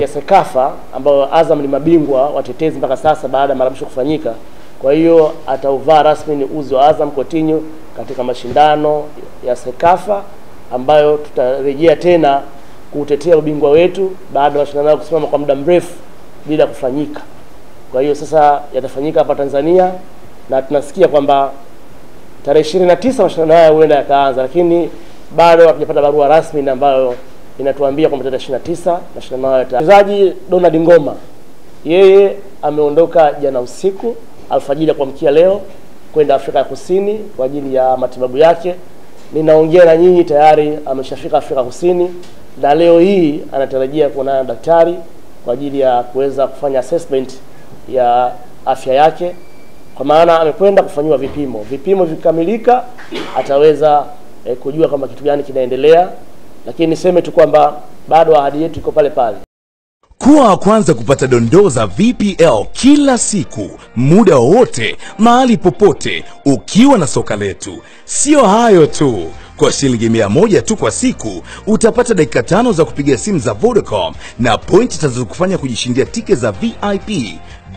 ya Sekafa ambayo Azam ni mabingwa watetezi mpaka sasa baada ya maramsho kufanyika. Kwa hiyo atauvaa rasmi ni uzi wa Azam Kotinyo katika mashindano ya Sekafa ambayo tutarejea tena kuutetea ubingwa wetu baada ya mashindano kusimama kwa muda mrefu bila kufanyika. Kwa hiyo sasa yatafanyika hapa Tanzania na tunasikia kwamba tarehe 29 mashindano haya huenda yakaanza, lakini bado hatujapata barua rasmi ambayo inatuambia kwamba tarehe 29 na 28 mchezaji Donald Ngoma yeye ameondoka jana usiku alfajiri ya kuamkia leo kwenda Afrika ya Kusini kwa ajili ya matibabu yake. Ninaongea na nyinyi tayari ameshafika Afrika Kusini, na leo hii anatarajia kuonana na daktari kwa ajili ya kuweza kufanya assessment ya afya yake, kwa maana amekwenda kufanyiwa vipimo. Vipimo vikikamilika, ataweza e, kujua kama kitu gani kinaendelea, lakini niseme tu kwamba bado ahadi yetu iko pale pale. Kuwa wa kwanza kupata dondoo za VPL kila siku, muda wowote, mahali popote, ukiwa na soka letu. Sio hayo tu, kwa shilingi mia moja tu kwa siku utapata dakika tano za kupiga simu za Vodacom na pointi tazokufanya kujishindia tiketi za VIP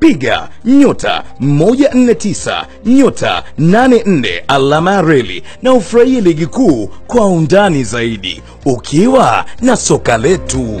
piga nyota 149 nyota 84 alama reli na ufurahie ligi kuu kwa undani zaidi ukiwa na soka letu.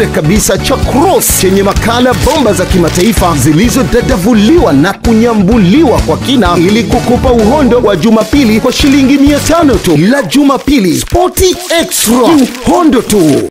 bure kabisa cha Cross chenye makala bomba za kimataifa zilizodadavuliwa na kunyambuliwa kwa kina ili kukupa uhondo wa Jumapili kwa shilingi mia tu. La Jumapili, Sporty Extra, uhondo tu.